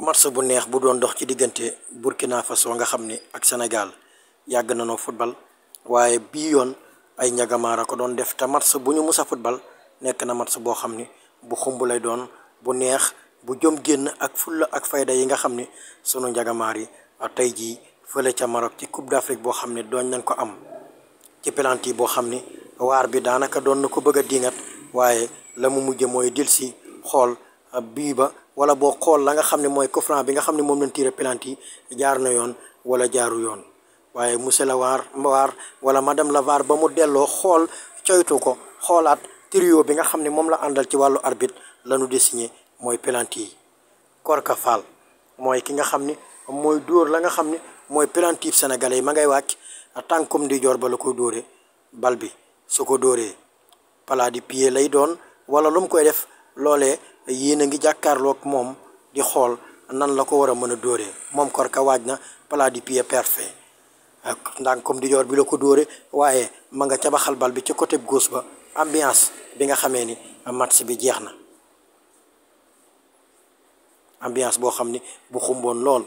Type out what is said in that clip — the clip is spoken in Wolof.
match bu neex bu doon dox ci diggante Burkina façon nga xam ni ak senegal yàgg na noo football waaye bii yoon ay ñagamaara ko doon def te match bu ñu musa football nekk na match boo xam ni bu xumb lay doon bu neex bu jom génn ak fulla ak fayda yi nga xam ni sunu njagamaar yi a tey jii fële ca Maroc ci Coupe d'Afrique boo xam ne doon nañ ko am ci penalty boo xam ni waar bi daanaka doon na ko bëgg a diingat waaye la mu mujj mooy dil si xool ah, bii ba wala boo xool la nga xam ne mooy coup franc bi nga xam ne moom lañ tiré penalty jaar na yoon wala jaaru yoon waaye la waar Mawar wala madame Lawar ba mu delloo xool coytu ko xoolaat trio bi nga xam ne moom la àndal ci wàllu arbitre la ñu mooy penalty yi Korka Fall mooy ki nga xam ni mooy dóor la nga xam ni mooy penalty yi yi ma ngay wàcc comme di joor ba la koy dóore bal bi su ko dóoree pala di pied lay doon wala lu mu koy def loolee yéen a ngi jàkkaarlook moom di xool nan la ko war a mën a dóoree moom Korka waaj na plat du pied parfait ak ndànk comme di joor bi la ko dóore waaye ma nga cabaxal bal bi ci côté gauche ba ambiance bi nga xamee ni match bi jeex na ambiance boo xam ni bu xumboon lool